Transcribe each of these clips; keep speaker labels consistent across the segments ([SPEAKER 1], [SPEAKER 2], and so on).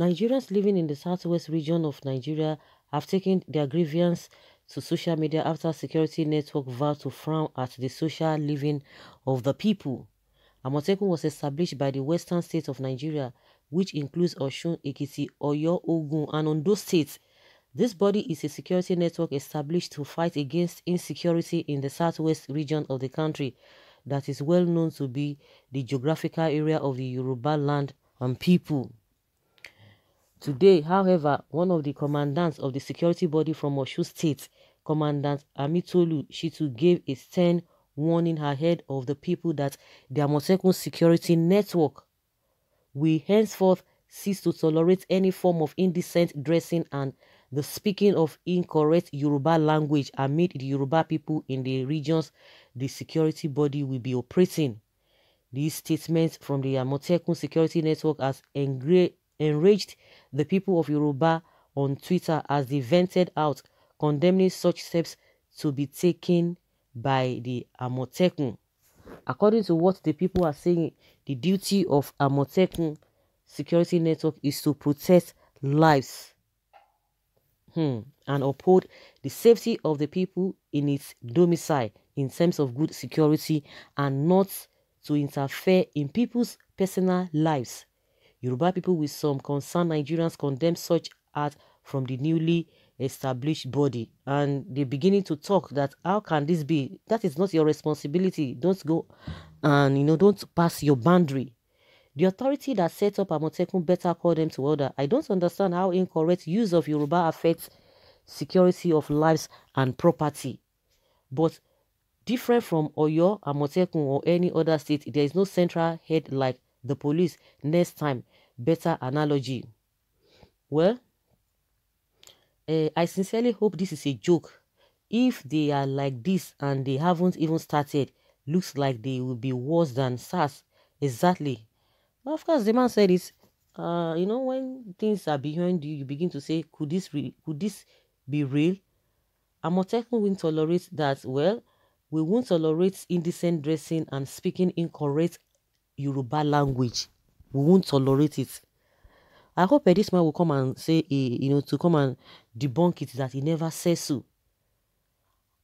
[SPEAKER 1] Nigerians living in the southwest region of Nigeria have taken their grievance to social media after security network vowed to frown at the social living of the people. Amotekun was established by the western states of Nigeria, which includes Osun, Ekiti, Oyo, Ogun, and Ondo states. This body is a security network established to fight against insecurity in the southwest region of the country that is well known to be the geographical area of the Yoruba land and people. Today, however, one of the commandants of the security body from Oshu State, Commandant Amitolu Shitu, gave a stern warning ahead of the people that the Amotekun security network will henceforth cease to tolerate any form of indecent dressing and the speaking of incorrect Yoruba language amid the Yoruba people in the regions the security body will be operating. These statements from the Amotekun Security Network has engra enraged the people of Yoruba on Twitter as they vented out, condemning such steps to be taken by the Amotekun. According to what the people are saying, the duty of Amotekun Security Network is to protect lives hmm, and uphold the safety of the people in its domicile in terms of good security and not to interfere in people's personal lives. Yoruba people with some concern Nigerians condemn such art from the newly established body and they're beginning to talk that how can this be that is not your responsibility don't go and you know don't pass your boundary the authority that set up Amotekun better call them to order. I don't understand how incorrect use of Yoruba affects security of lives and property. But different from Oyo, Amotekun, or any other state, there is no central head like the police next time. Better analogy. Well, uh, I sincerely hope this is a joke. If they are like this and they haven't even started, looks like they will be worse than SARS. Exactly. But of course, the man said it. Uh, you know, when things are behind you, you begin to say, could this could this be real? Amotekun won't tolerate that. Well, we won't tolerate indecent dressing and speaking incorrect Yoruba language. We won't tolerate it. I hope eh, this man will come and say, eh, you know, to come and debunk it that he never says so.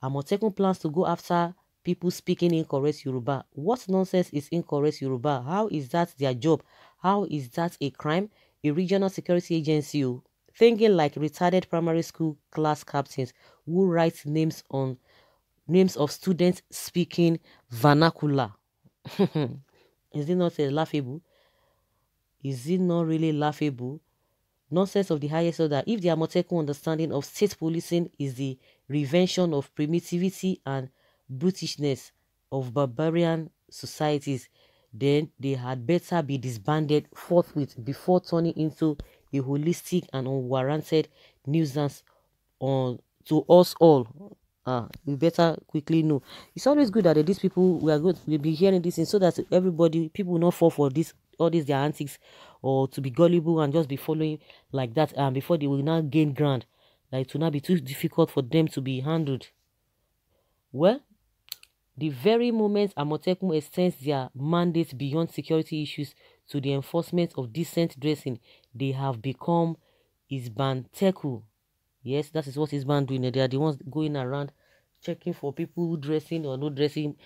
[SPEAKER 1] I'm taking plans to go after people speaking incorrect Yoruba. What nonsense is incorrect Yoruba? How is that their job? How is that a crime? A regional security agency oh. thinking like retarded primary school class captains who write names on names of students speaking vernacular. Is it not uh, laughable? Is it not really laughable? Nonsense of the highest order. If the Amotekun understanding of state policing is the revenge of primitivity and brutishness of barbarian societies, then they had better be disbanded forthwith before turning into a holistic and unwarranted nuisance on to us all ah you better quickly know it's always good that these people we are good we'll be hearing this so that everybody people will not fall for this all these their antics or to be gullible and just be following like that and um, before they will now gain ground that it will not be too difficult for them to be handled well the very moment Amoteku extends their mandate beyond security issues to the enforcement of decent dressing, they have become Isbanteku Yes, that is what his band doing. They are the ones going around checking for people dressing or not dressing,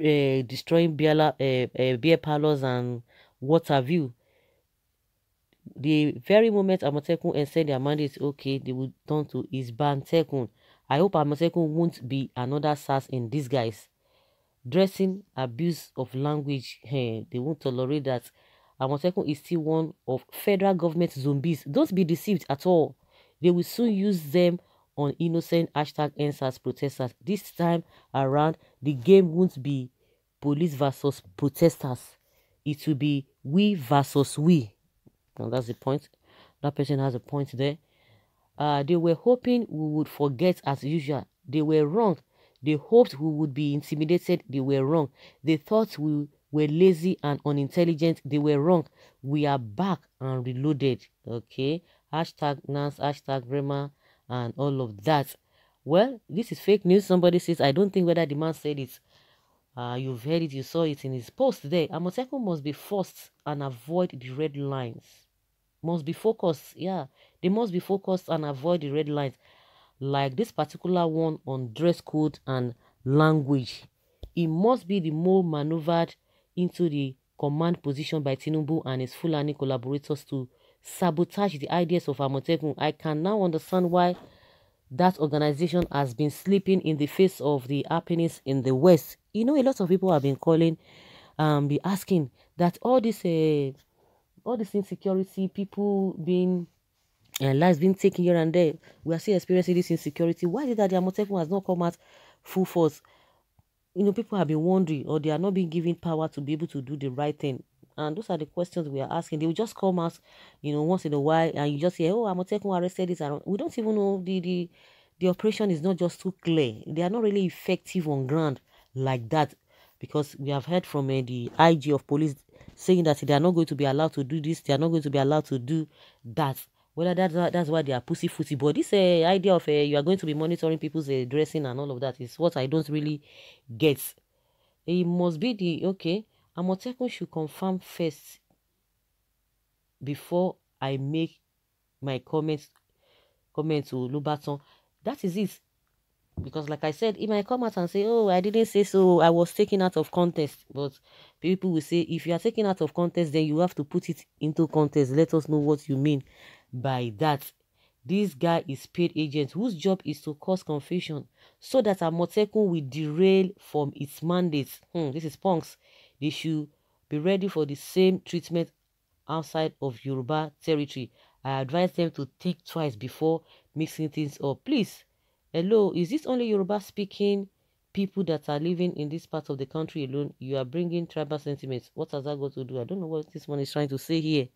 [SPEAKER 1] uh, destroying beer, uh, uh, beer parlors and what have you. The very moment Amatekun and say their mandate is okay, they will turn to his band Tekun. I hope Amatekun won't be another sass in disguise. Dressing abuse of language, hey, they won't tolerate that. Amatekun is still one of federal government zombies. Don't be deceived at all. They will soon use them on innocent hashtag answers protesters. This time around, the game won't be police versus protesters. It will be we versus we. Now that's the point. That person has a point there. Uh, they were hoping we would forget as usual. They were wrong. They hoped we would be intimidated. They were wrong. They thought we were lazy and unintelligent. They were wrong. We are back and reloaded. Okay hashtag Nance, hashtag grammar, and all of that. Well, this is fake news. Somebody says, I don't think whether the man said it. Uh, you've heard it, you saw it in his post there Amoseko must be forced and avoid the red lines. Must be focused, yeah. They must be focused and avoid the red lines. Like this particular one on dress code and language. It must be the more maneuvered into the command position by Tinubu and his Fulani collaborators to sabotage the ideas of Amotekun. I can now understand why that organization has been sleeping in the face of the happenings in the West. You know, a lot of people have been calling, um, be asking that all this, uh, all this insecurity, people being uh, lives being taken here and there, we are still experiencing this insecurity. Why is it that the Amotekun has not come out full force? You know, people have been wondering, or they are not being given power to be able to do the right thing and those are the questions we are asking. They will just come out, you know, once in a while, and you just say, "Oh, I'm taking arrested this." And we don't even know the the the operation is not just too clear. They are not really effective on ground like that, because we have heard from uh, the IG of police saying that they are not going to be allowed to do this, they are not going to be allowed to do that. Whether that's that's why they are pussyfooty, but this uh, idea of uh, you are going to be monitoring people's dressing and all of that is what I don't really get. It must be the okay Amotekun should confirm first before I make my comments comment to Lubaton. That is it. Because like I said, if I come out and say, oh, I didn't say so, I was taken out of context. But people will say, if you are taken out of context, then you have to put it into context. Let us know what you mean by that. This guy is paid agent whose job is to cause confusion so that Amotekun will derail from its mandate. Hmm, this is Punks. They should be ready for the same treatment outside of Yoruba territory. I advise them to think twice before mixing things up. Please, hello, is this only Yoruba speaking people that are living in this part of the country alone? You are bringing tribal sentiments. What has that got to do? I don't know what this one is trying to say here.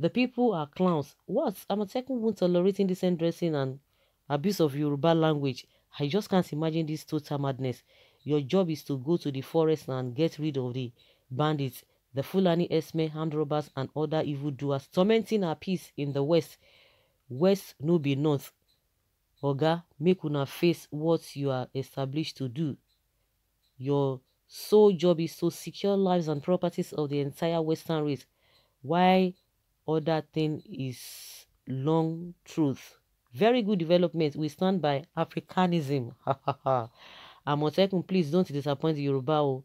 [SPEAKER 1] The people are clowns. What? I'm a second one tolerating decent dressing and abuse of Yoruba language. I just can't imagine this total madness. Your job is to go to the forest and get rid of the bandits, the Fulani Esme, hand robbers, and other evildoers, tormenting our peace in the west. West no be north. Oga, make una face what you are established to do. Your sole job is to secure lives and properties of the entire western race. Why other thing is long truth. Very good development. We stand by Africanism. Ha ha ha. Amotekun, please don't disappoint the Yoruba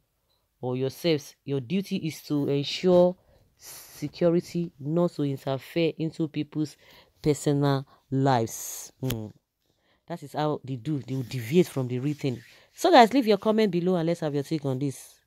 [SPEAKER 1] or yourselves. Your duty is to ensure security, not to interfere into people's personal lives. Mm. That is how they do. They will deviate from the written. So guys, leave your comment below and let's have your take on this.